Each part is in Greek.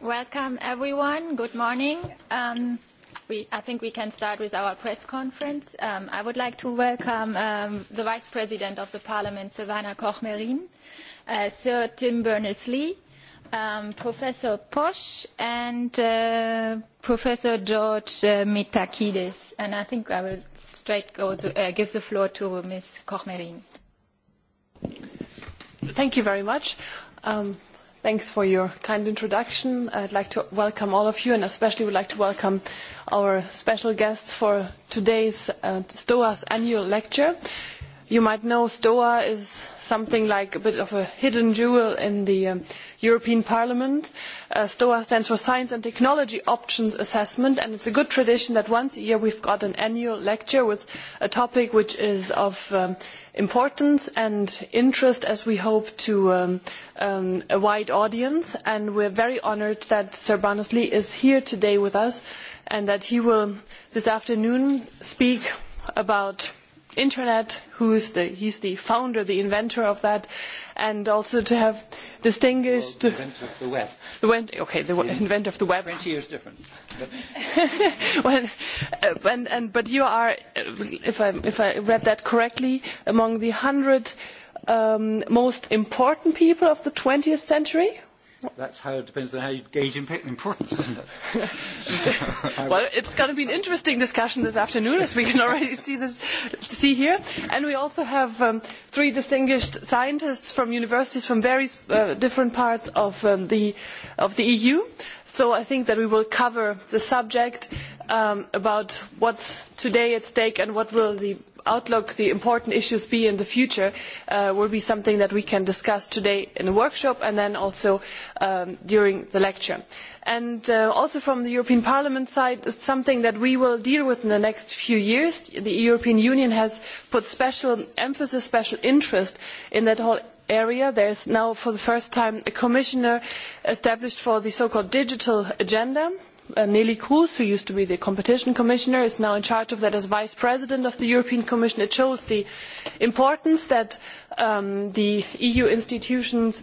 Welcome, everyone. Good morning. I think we can start with our press conference. I would like to welcome the Vice President of the Parliament, Silvana Koch-Merin, Sir Tim Berners-Lee, Professor Posch, and Professor George Mitakidis. And I think I will straight go to give the floor to Ms. Koch-Merin. Thank you very much. Thanks for your kind introduction. I'd like to welcome all of you and especially would like to welcome our special guests for today's STOA's annual lecture. You might know STOA is something like a bit of a hidden jewel in the European Parliament. STOA stands for Science and Technology Options Assessment, and it's a good tradition that once a year we've got an annual lecture with a topic which is of importance and interest, as we hope, to a wide audience. And we're very honoured that Sir Lee is here today with us, and that he will this afternoon speak about internet who is the he's the founder the inventor of that and also to have distinguished the inventor of the web okay the inventor of the web 20 years different but but you are if i if i read that correctly among the 100 most important people of the 20th century That's how it depends on how you gauge importance, isn't it? Well, it's going to be an interesting discussion this afternoon, as we can already see this, see here. And we also have three distinguished scientists from universities from various different parts of the of the EU. So I think that we will cover the subject about what's today at stake and what will the outlook the important issues be in the future will be something that we can discuss today in the workshop and then also during the lecture. And also from the European Parliament side, it's something that we will deal with in the next few years. The European Union has put special emphasis, special interest in that whole area. There is now for the first time a commissioner established for the so-called digital agenda Neelie Kroes, who used to be the Competition Commissioner, is now in charge of that as Vice President of the European Commission. It shows the importance that the EU institutions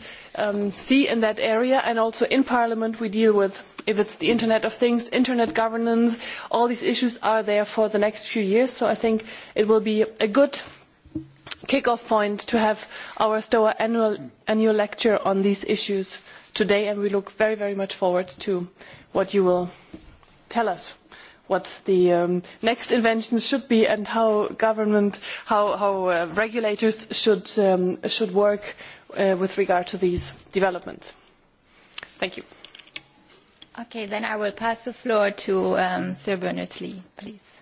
see in that area, and also in Parliament we deal with, if it's the Internet of Things, Internet governance, all these issues are there for the next few years. So I think it will be a good kick-off point to have our STOA annual lecture on these issues today, and we look very, very much forward to what you will tell us what the next inventions should be and how government, how regulators should work with regard to these developments. Thank you. Okay, then I will pass the floor to Sir Berners-Lee, please.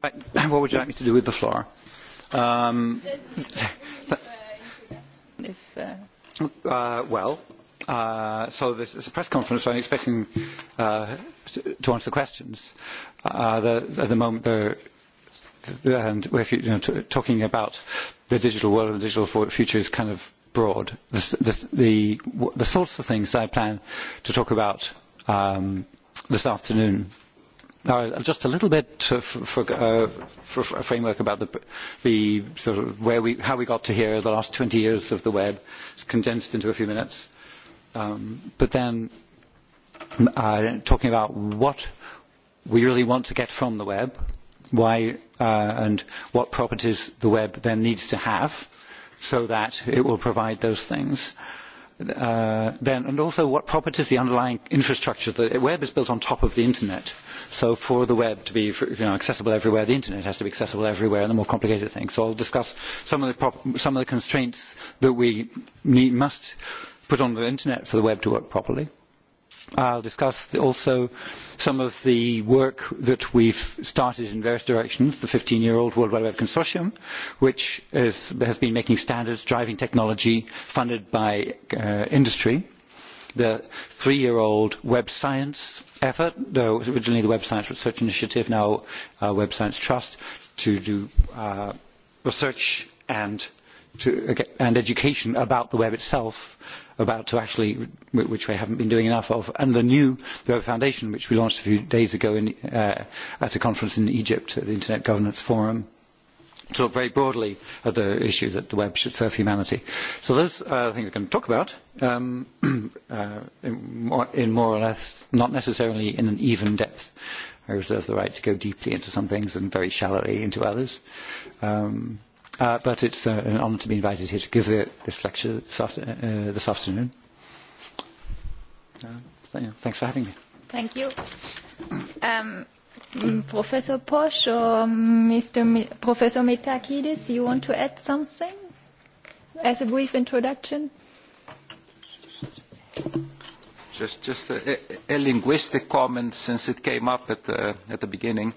What would you like me to do with the floor? If Well, so this is a press conference, so I'm expecting to answer questions. At the moment, and we're talking about the digital world and the digital future is kind of broad. The sorts of things I plan to talk about this afternoon Just a little bit for a framework about the sort of where we how we got to here, the last 20 years of the web, condensed into a few minutes. But then talking about what we really want to get from the web, why and what properties the web then needs to have, so that it will provide those things then and also what properties the underlying infrastructure the web is built on top of the internet so for the web to be accessible everywhere the internet has to be accessible everywhere and the more complicated things so i'll discuss some of the some of the constraints that we must put on the internet for the web to work properly I'll discuss also some of the work that we've started in various directions, the 15-year-old World Wide Web Consortium, which has been making standards, driving technology, funded by industry. The three-year-old Web Science effort, though originally the Web Science Research Initiative, now Web Science Trust, to do research and education about the web itself about to actually, which we haven't been doing enough of, and the new Web Foundation, which we launched a few days ago at a conference in Egypt at the Internet Governance Forum, talk very broadly of the issue that the web should serve humanity. So those are things we're going to talk about in more or less, not necessarily in an even depth. I reserve the right to go deeply into some things and very shallowly into others. Um But it's an honour to be invited here to give this lecture this afternoon. Thanks for having me. Thank you. Professor Posh or Mr. Professor Metakidis, you want to add something as a brief introduction? Just just a linguistic comment since it came up at the beginning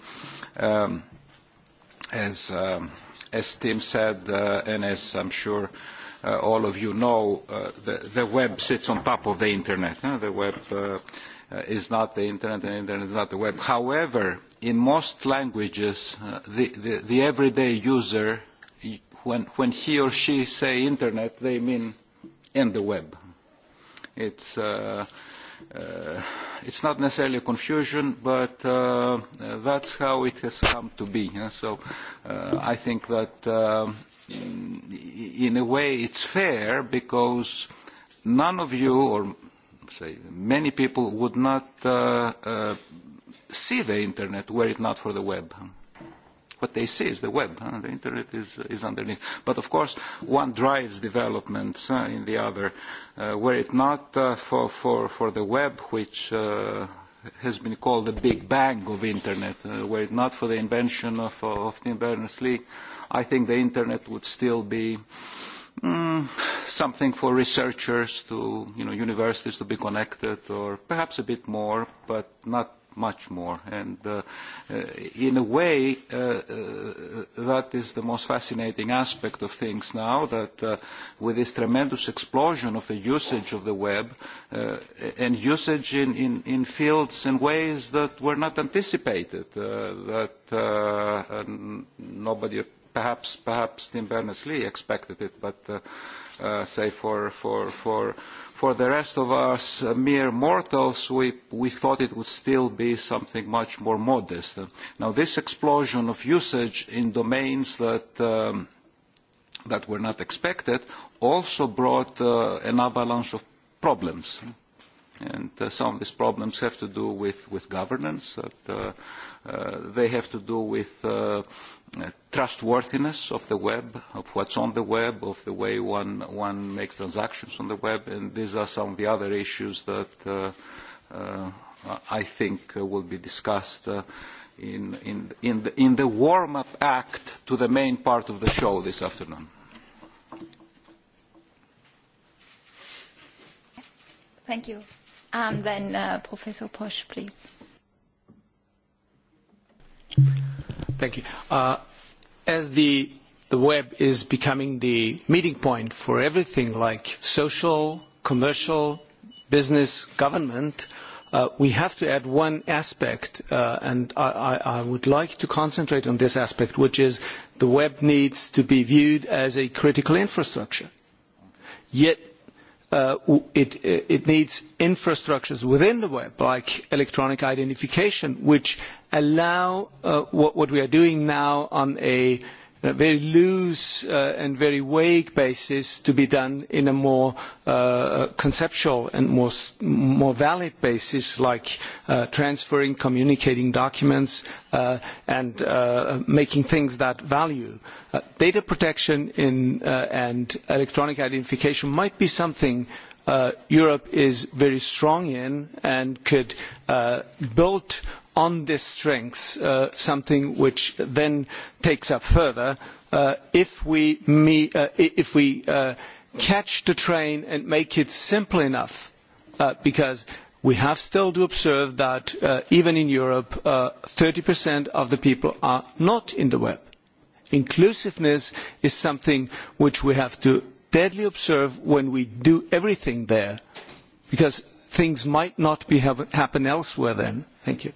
as As Tim said, and as I'm sure all of you know, the web sits on top of the Internet. The web is not the Internet, and the Internet is not the web. However, in most languages, the everyday user, when he or she say Internet, they mean in the web. It's It's not necessarily a confusion, but that's how it has come to be. So I think that in a way it's fair because none of you or say many people would not see the Internet were it not for the web What they see is the web. The Internet is underneath. But of course, one drives developments in the other. Were it not for the web, which has been called the Big Bang of Internet, were it not for the invention of Tim Berners-Lee, I think the Internet would still be something for researchers to, you know, universities to be connected, or perhaps a bit more, but not much more. And in a way, that is the most fascinating aspect of things now, that with this tremendous explosion of the usage of the web, and usage in in fields and ways that were not anticipated, that nobody perhaps perhaps Tim Berners-Lee expected it, but say for for for For the rest of us mere mortals, we thought it would still be something much more modest. Now, this explosion of usage in domains that were not expected also brought an avalanche of problems. And some of these problems have to do with governance. They have to do with trustworthiness of the web, of what's on the web, of the way one makes transactions on the web, and these are some of the other issues that I think will be discussed in in in the warm-up act to the main part of the show this afternoon. Thank you. Then Professor Posch, please. Thank you. As the web is becoming the meeting point for everything like social, commercial, business, government, we have to add one aspect, and I would like to concentrate on this aspect, which is the web needs to be viewed as a critical infrastructure. Yet it needs infrastructures within the web, like electronic identification, which allow what we are doing now on a very loose and very vague basis to be done in a more conceptual and more valid basis like transferring, communicating documents and making things that value. Data protection and electronic identification might be something Europe is very strong in and could build on this strength something which then takes up further if we catch the train and make it simple enough because we have still to observe that even in Europe 30% of the people are not in the web. Inclusiveness is something which we have to deadly observe when we do everything there because things might not happen elsewhere then. Thank you.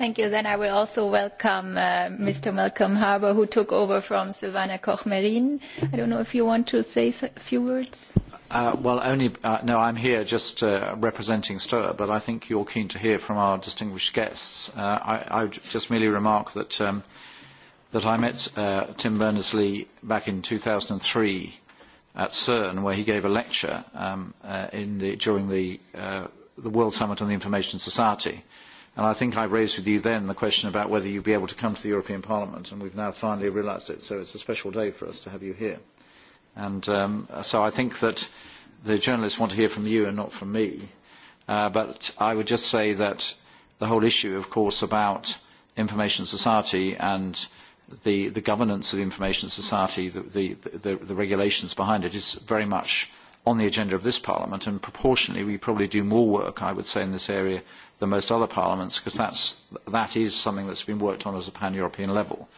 Thank you. Then I will also welcome Mr. Malcolm Harbour, who took over from Silvana koch I don't know if you want to say a few words. Well, only no, I'm here just representing STOA, but I think you're keen to hear from our distinguished guests. I would just merely remark that I met Tim Berners-Lee back in 2003 at CERN, where he gave a lecture during the World Summit on the Information Society And I think I raised with you then the question about whether you'd be able to come to the European Parliament, and we've now finally realised it. So it's a special day for us to have you here. And so I think that the journalists want to hear from you and not from me. But I would just say that the whole issue, of course, about information society and the governance of the information society, the regulations behind it, is very much on the agenda of this Parliament. And proportionally, we probably do more work, I would say, in this area than most other parliaments, because that is something that's been worked on at a pan-European level.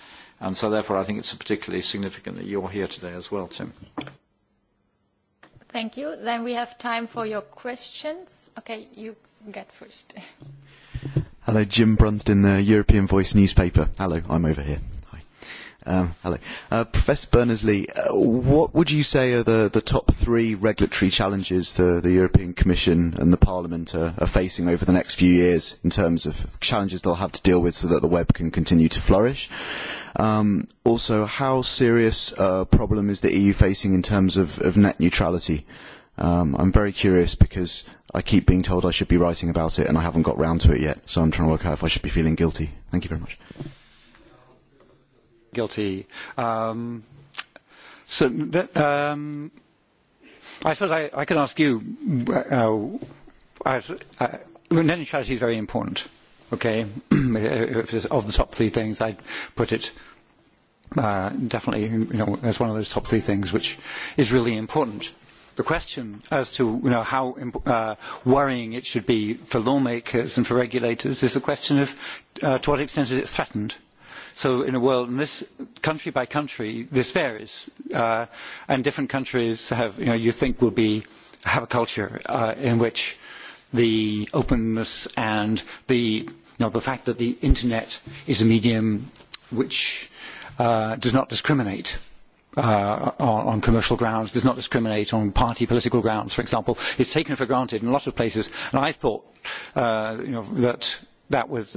And so, therefore, I think it's particularly significant that you're here today as well, Tim. Thank you. Then we have time for your questions. Okay, you get first. Hello, Jim Brunsden, the European Voice newspaper. Hello, I'm over here. Hello. Professor Berners-Lee, what would you say are the top three regulatory challenges the European Commission and the Parliament are facing over the next few years in terms of challenges they'll have to deal with so that the web can continue to flourish? Also, how serious a problem is the EU facing in terms of net neutrality? I'm very curious because I keep being told I should be writing about it and I haven't got round to it yet, so I'm trying to work out if I should be feeling guilty. Thank you very much guilty. Um, so um, I suppose I, I could ask you. Uh, is very important. Okay, if it's of the top three things, I'd put it definitely, you know, as one of those top three things, which is really important. The question as to you know, how worrying it should be for lawmakers and for regulators is the question of to what extent is it threatened So in a world, and this country by country, this varies, and different countries have, you know, you think will be have a culture in which the openness and the the fact that the internet is a medium which does not discriminate on commercial grounds, does not discriminate on party political grounds, for example, is taken for granted in a lot of places. And I thought that that was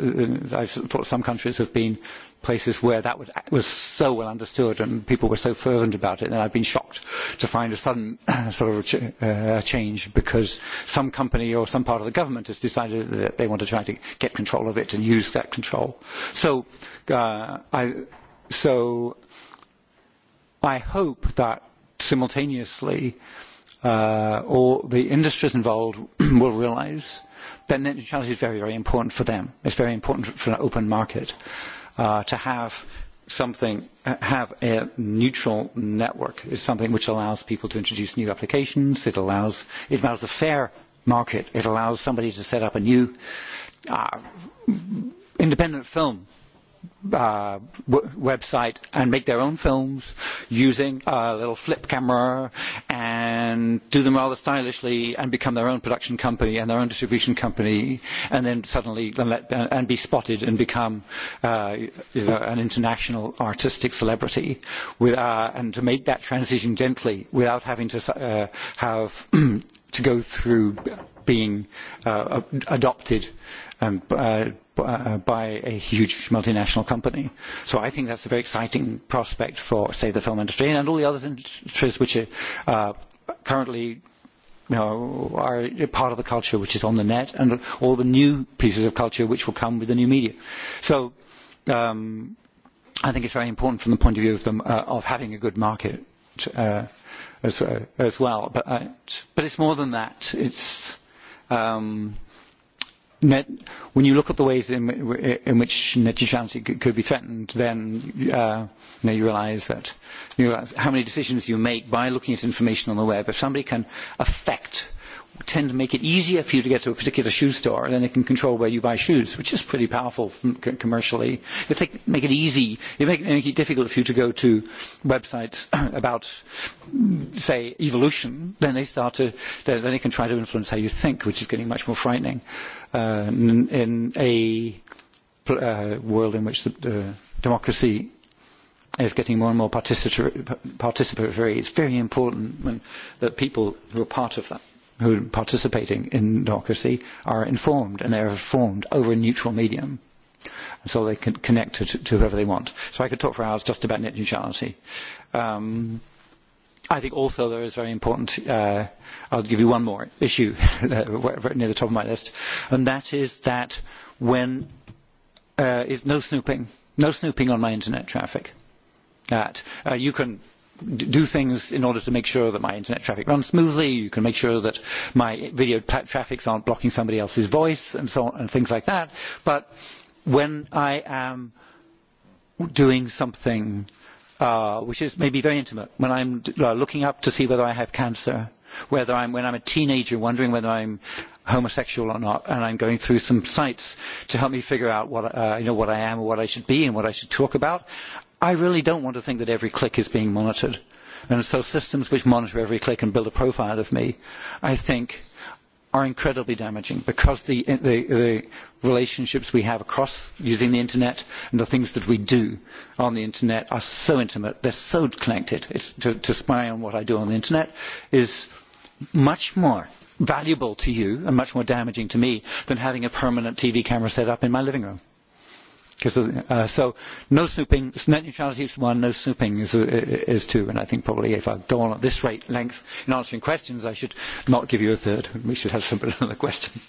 I thought some countries have been places where that was so well understood and people were so fervent about it and I've been shocked to find a sudden sort of change because some company or some part of the government has decided that they want to try to get control of it and use that control. So I hope that simultaneously all the industries involved will realise then net neutrality is very, very important for them. It's very important for an open market to have something, have a neutral network is something which allows people to introduce new applications. It allows, it allows a fair market. It allows somebody to set up a new independent film website and make their own films using a little flip camera and do them rather stylishly and become their own production company and their own distribution company and then suddenly and be spotted and become an international artistic celebrity and to make that transition gently without having to have to go through being adopted by a huge multinational company. So I think that's a very exciting prospect for, say, the film industry and all the other industries which are currently are part of the culture which is on the net and all the new pieces of culture which will come with the new media. So I think it's very important from the point of view of having a good market as well. But it's more than that. It's When you look at the ways in which net neutrality could be threatened, then you realise that how many decisions you make by looking at information on the web. If somebody can affect tend to make it easier for you to get to a particular shoe store, then they can control where you buy shoes, which is pretty powerful commercially. If they make it easy, if they make it difficult for you to go to websites about, say, evolution, then they start to, then they can try to influence how you think, which is getting much more frightening in a world in which democracy is getting more and more participatory. It's very important that people who are part of that who are participating in democracy are informed and they are informed over a neutral medium so they can connect to whoever they want. So I could talk for hours just about net neutrality. I think also there is very important, I'll give you one more issue near the top of my list, and that is that when is no snooping, no snooping on my internet traffic. That you can do things in order to make sure that my internet traffic runs smoothly. You can make sure that my video traffics aren't blocking somebody else's voice and so on and things like that. But when I am doing something which is maybe very intimate, when I'm looking up to see whether I have cancer, whether I'm when I'm a teenager wondering whether I'm homosexual or not, and I'm going through some sites to help me figure out what I am or what I should be and what I should talk about, I really don't want to think that every click is being monitored. And so systems which monitor every click and build a profile of me, I think, are incredibly damaging because the relationships we have across using the Internet and the things that we do on the Internet are so intimate, they're so connected. To spy on what I do on the Internet is much more valuable to you and much more damaging to me than having a permanent TV camera set up in my living room. So no snooping, net neutrality is one, no snooping is two, and I think probably if I go on at this rate length in answering questions, I should not give you a third. We should have some another question.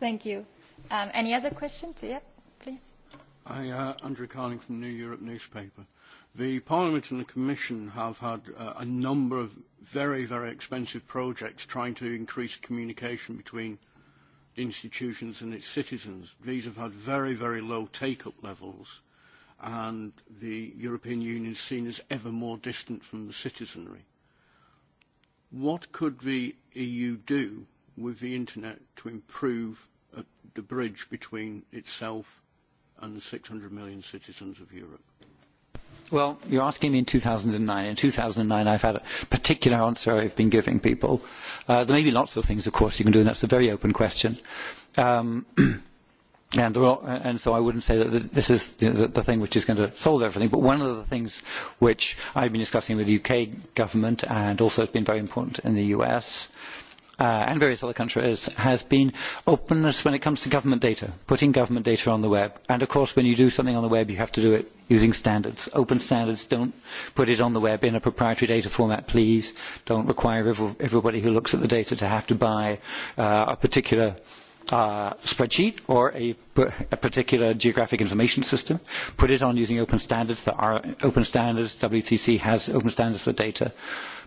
Thank you. Any other questions? Yeah, please. I, Andrew Carling from New Europe newspaper. The Parliament and the Commission have had a number of very, very expensive projects trying to increase communication between institutions and its citizens. These have had very, very low take-up levels, and the European Union is seen as ever more distant from the citizenry. What could the EU do with the Internet to improve the bridge between itself and the 600 million citizens of Europe? Well, you're asking me in 2009. In 2009, I've had a particular answer I've been giving people. There may be lots of things, of course, you can do, and that's a very open question. And so I wouldn't say that this is the thing which is going to solve everything. But one of the things which I've been discussing with the UK government and also has been very important in the US and various other countries has been openness when it comes to government data, putting government data on the web. And, of course, when you do something on the web, you have to do it using standards. Open standards, don't put it on the web in a proprietary data format, please. Don't require everybody who looks at the data to have to buy a particular spreadsheet or a particular geographic information system. Put it on using open standards. There are open standards. WTC has open standards for data.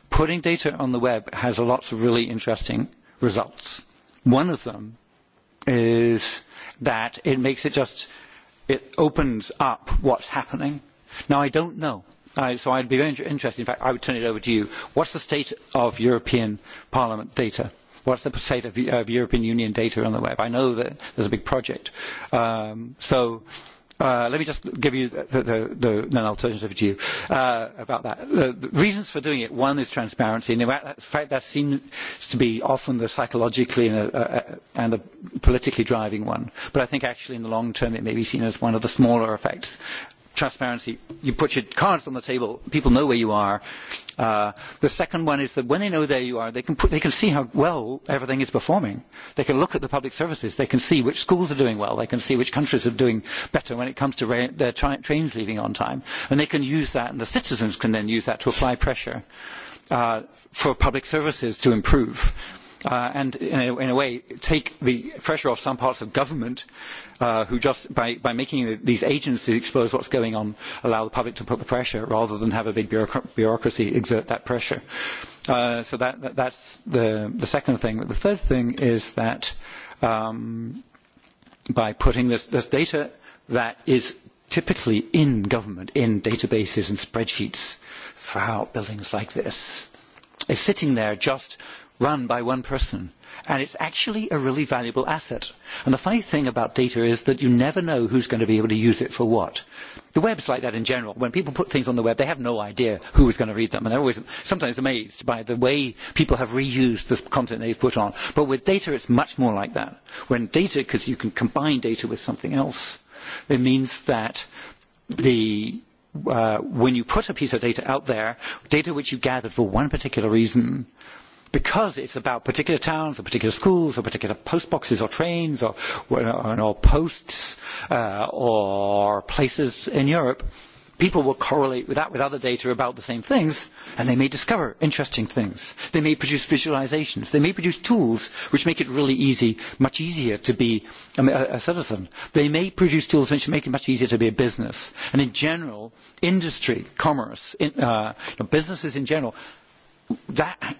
Putting data on the web has lots of really interesting results. One of them is that it makes it just it opens up what's happening. Now, I don't know. So I'd be very interested. In fact, I would turn it over to you. What's the state of European Parliament data? What's the state of European Union data on the web? I know that there's a big project. So Let me just give you the the an alternative view about that. The reasons for doing it, one is transparency. In fact, that seems to be often the psychologically and the politically driving one. But I think actually in the long term it may be seen as one of the smaller effects transparency. You put your cards on the table. People know where you are. The second one is that when they know where you are, they can see how well everything is performing. They can look at the public services. They can see which schools are doing well. They can see which countries are doing better when it comes to their trains leaving on time. And they can use that, and the citizens can then use that to apply pressure for public services to improve and in a way take the pressure off some parts of government who just by making these agencies expose what's going on allow the public to put the pressure rather than have a big bureaucracy exert that pressure. So that that's the second thing. The third thing is that by putting this data that is typically in government, in databases and spreadsheets throughout buildings like this, is sitting there just run by one person. And it's actually a really valuable asset. And the funny thing about data is that you never know who's going to be able to use it for what. The web's like that in general. When people put things on the web, they have no idea who is going to read them. And they're always sometimes amazed by the way people have reused the content they've put on. But with data, it's much more like that. When data, because you can combine data with something else, it means that the when you put a piece of data out there, data which you gathered for one particular reason, because it's about particular towns or particular schools or particular post boxes or trains or posts or places in Europe, people will correlate that with other data about the same things and they may discover interesting things. They may produce visualizations. They may produce tools which make it really easy, much easier to be a citizen. They may produce tools which make it much easier to be a business. And in general, industry, commerce, businesses in general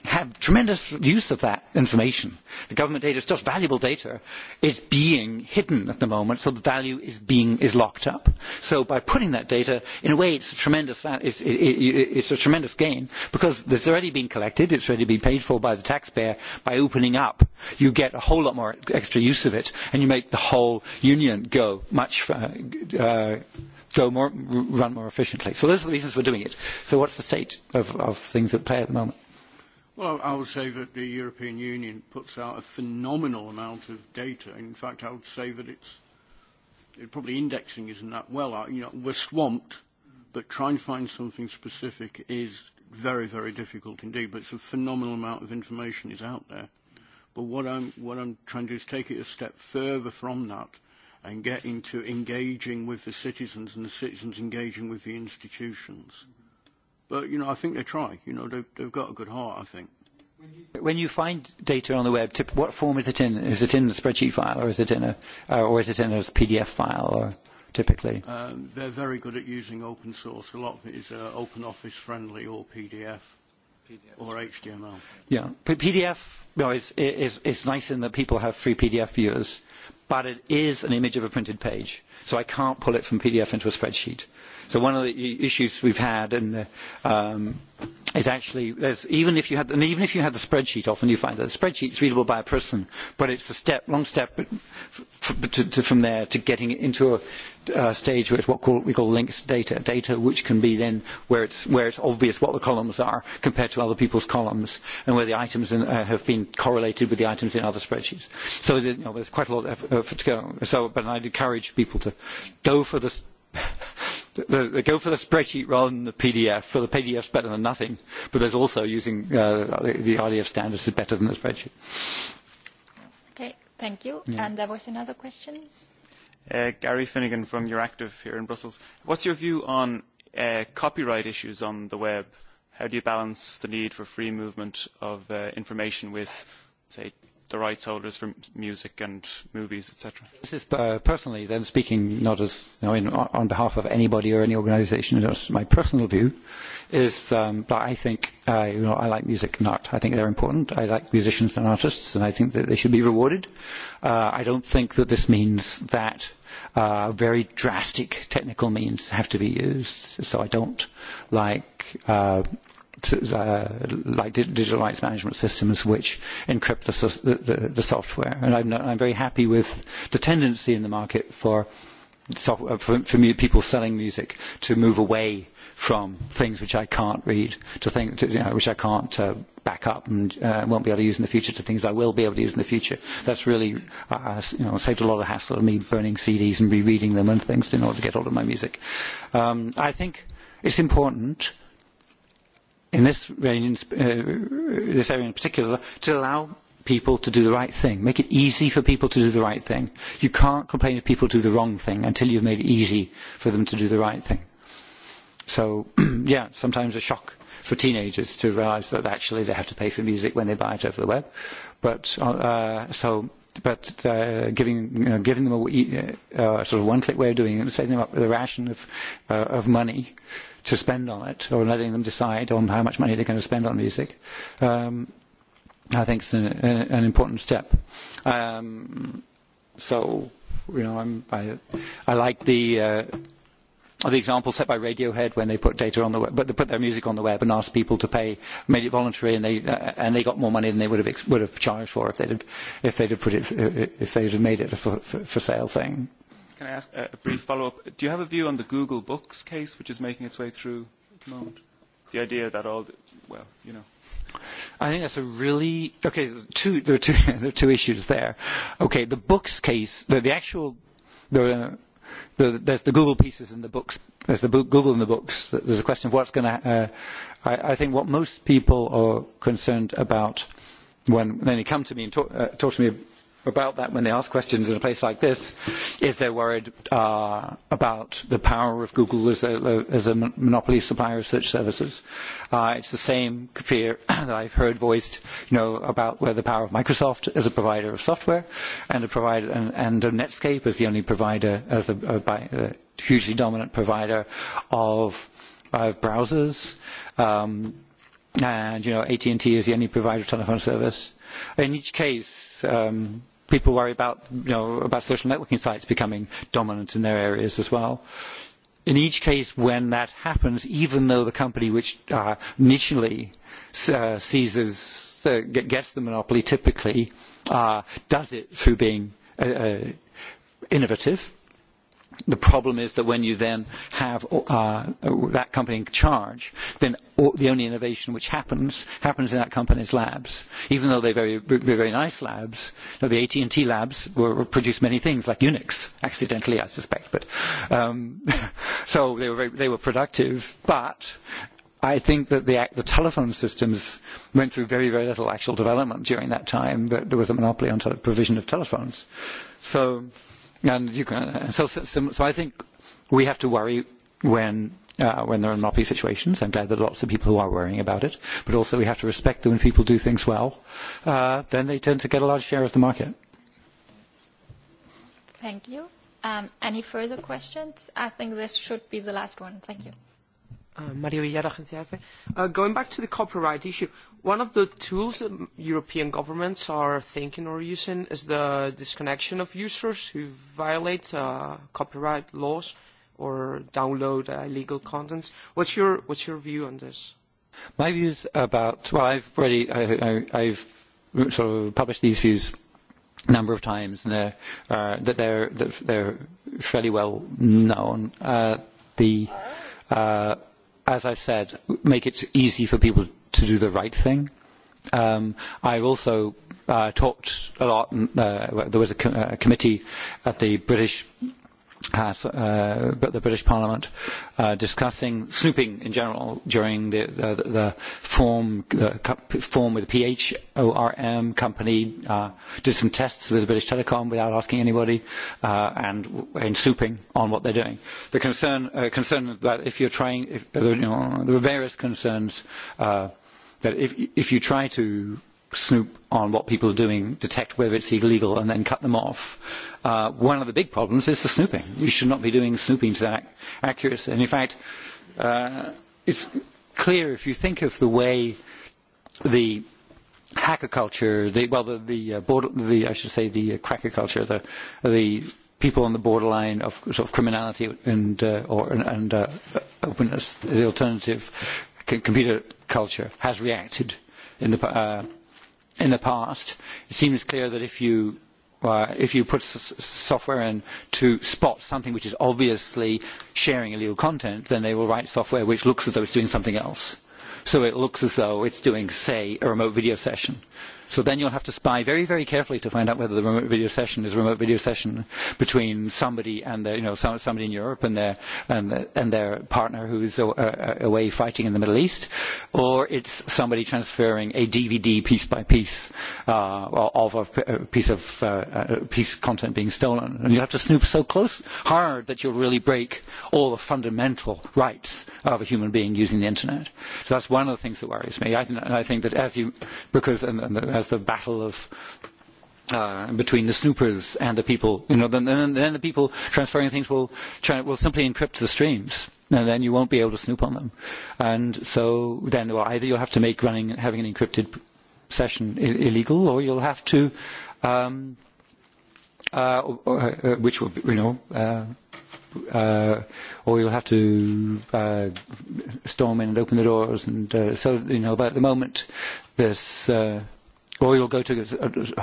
have tremendous use of that information. The government data is just valuable data. It's being hidden at the moment, so the value is being is locked up. So by putting that data, in a way, it's a tremendous it's a tremendous gain because it's already been collected, it's already been paid for by the taxpayer. By opening up, you get a whole lot more extra use of it, and you make the whole union go much go more, run more efficiently. So those are the reasons for doing it. So what's the state of things at play at the moment? Well, I would say that the European Union puts out a phenomenal amount of data. In fact, I would say that it's it probably indexing isn't that well. You know, we're swamped, but trying to find something specific is very, very difficult indeed. But it's a phenomenal amount of information is out there. But what I'm what I'm trying to do is take it a step further from that and get into engaging with the citizens and the citizens engaging with the institutions. But, you know, I think they try. You know, they've, they've got a good heart, I think. When you find data on the web, what form is it in? Is it in a spreadsheet file or is it in a, or is it in a PDF file or typically? Um, they're very good at using open source. A lot of it is uh, open office friendly or PDF. Or HTML. Yeah, PDF is, it's is nice in that people have free PDF viewers but it is an image of a printed page. So I can't pull it from PDF into a spreadsheet. So one of the issues we've had in the is actually even if you had and even if you had the spreadsheet often you find that the spreadsheet is readable by a person but it's a step long step from there to getting it into a stage where it's what we call linked data data which can be then where it's where it's obvious what the columns are compared to other people's columns and where the items have been correlated with the items in other spreadsheets so there's quite a lot of effort to go so but I'd encourage people to go for the They go for the spreadsheet rather than the PDF. For the PDF is better than nothing, but there's also using the RDF standards is better than the spreadsheet. Okay, thank you. And there was another question. Gary Finnegan from Euractiv here in Brussels. What's your view on copyright issues on the web? How do you balance the need for free movement of information with, say, the rights holders for music and movies, etc. This is personally then speaking, not as on behalf of anybody or any organisation. My personal view is that I think I like music and art. I think they're important. I like musicians and artists, and I think that they should be rewarded. I don't think that this means that very drastic technical means have to be used. So I don't like like digital rights management systems which encrypt the software. And I'm I'm very happy with the tendency in the market for people selling music to move away from things which I can't read, to things which I can't back up and won't be able to use in the future, to things I will be able to use in the future. That's really saved a lot of hassle of me burning CDs and rereading them and things in order to get hold of my music. I think it's important in this area in particular, to allow people to do the right thing. Make it easy for people to do the right thing. You can't complain if people do the wrong thing until you've made it easy for them to do the right thing. So, yeah, sometimes a shock for teenagers to realize that actually they have to pay for music when they buy it over the web. But so but giving giving them a sort of one-click way of doing it, and setting them up with a ration of of money to spend on it, or letting them decide on how much money they're going to spend on music, I think is an important step. So, you know, I like the the example set by Radiohead when they put data on the web, but they put their music on the web and asked people to pay, made it voluntary, and they and they got more money than they would have would have charged for if they'd have, if they'd have put it if they'd have made it a for, for sale thing. Can I ask a brief follow up? Do you have a view on the Google Books case, which is making its way through at the moment? The idea that all, well, you know. I think that's a really okay. Two there are two there are two issues there. Okay, the books case, the, the actual the There's the Google pieces in the books. There's the Google in the books. There's a question of what's going to. I think what most people are concerned about when they come to me and talk to me about that when they ask questions in a place like this is they're worried about the power of Google as a monopoly supplier of search services. It's the same fear that I've heard voiced about where the power of Microsoft as a provider of software and of Netscape as the only provider, as a hugely dominant provider of browsers and you know AT&T is the only provider of telephone service. In each case, people worry about you know about social networking sites becoming dominant in their areas as well. In each case, when that happens, even though the company which initially seizes gets the monopoly typically does it through being innovative The problem is that when you then have that company in charge, then the only innovation which happens happens in that company's labs. Even though they're very, very nice labs, the AT&T labs were produced many things like Unix, accidentally I suspect, but so they were very, they were productive. But I think that the telephone systems went through very, very little actual development during that time. That there was a monopoly on provision of telephones. So And so, so, I think we have to worry when when there are moppy situations. I'm glad that lots of people who are worrying about it, but also we have to respect that when people do things well, then they tend to get a large share of the market. Thank you. any further questions? I think this should be the last one. Thank you. Maria Villar, Agencia EFE. Going back to the copyright issue, one of the tools that European governments are thinking or using is the disconnection of users who violate copyright laws or download illegal contents. What's your what's your view on this? My views about well, I've already I've sort of published these views a number of times, and they're that they're that they're fairly well known. the as I said, make it easy for people to do the right thing. I've also talked a lot. There was a committee at the British but the British Parliament discussing snooping in general during the form with the PHORM company, did some tests with British Telecom without asking anybody, and snooping on what they're doing. The concern that if you're trying, there are various concerns that if you try to snoop on what people are doing, detect whether it's illegal, and then cut them off. One of the big problems is the snooping. You should not be doing snooping to that accuracy. And in fact, it's clear if you think of the way the hacker culture, well, the, I should say, the cracker culture, the, people on the borderline of of criminality and, or, and openness, the alternative computer culture has reacted in the in the past, it seems clear that if you if you put software in to spot something which is obviously sharing illegal content, then they will write software which looks as though it's doing something else. So it looks as though it's doing, say, a remote video session. So then you'll have to spy very, very carefully to find out whether the remote video session is a remote video session between somebody and you know, somebody in Europe and their and their partner who is away fighting in the Middle East, or it's somebody transferring a DVD piece by piece of a piece of piece content being stolen. And you'll have to snoop so close, hard that you'll really break all the fundamental rights of a human being using the internet. So that's one of the things that worries me. I think that as you, because and the battle of between the snoopers and the people. Then the people transferring things will simply encrypt the streams, and then you won't be able to snoop on them. And so then either you'll have to make running having an encrypted session illegal, or you'll have to, which you know or you'll have to storm in and open the doors. And so you know, at the moment, this Or you'll go to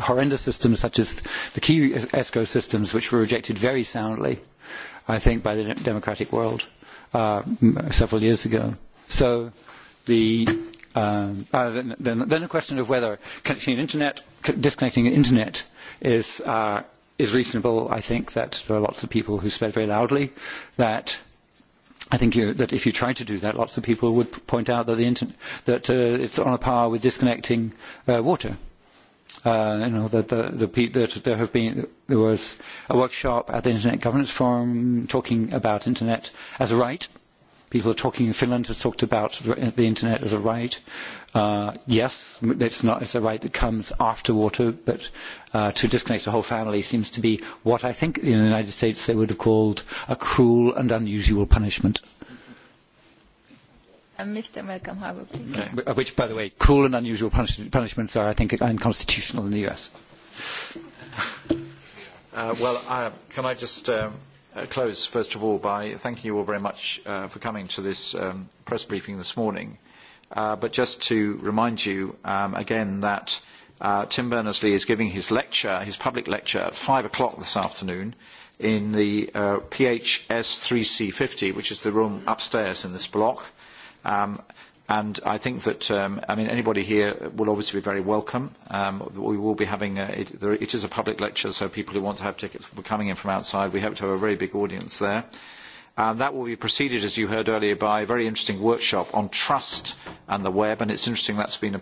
horrendous systems such as the key escrow systems, which were rejected very soundly, I think, by the democratic world several years ago. So then the question of whether connecting internet, disconnecting an internet is reasonable, I think that there are lots of people who spread very loudly that I think that if you try to do that, lots of people would point out that the that it's on a par with disconnecting water. You know that there have been the the There was a workshop at the Internet Governance Forum talking about Internet as a right People are talking in Finland has talked about the internet as a right. Yes, it's not it's a right that comes after water, but to disconnect a whole family seems to be what I think in the United States they would have called a cruel and unusual punishment. Mr. Malcolm Harbour, please. Which, by the way, cruel and unusual punishments are, I think, unconstitutional in the U.S. Well, can I just close, first of all, by thanking you all very much for coming to this press briefing this morning. But just to remind you again that Tim Berners-Lee is giving his lecture, his public lecture, at 5 o'clock this afternoon in the PHS 3C50, which is the room upstairs in this block. And I think that, I mean, anybody here will obviously be very welcome. We will be having, it is a public lecture, so people who want to have tickets will be coming in from outside. We hope to have a very big audience there. And that will be preceded, as you heard earlier, by a very interesting workshop on trust and the web. And it's interesting that's been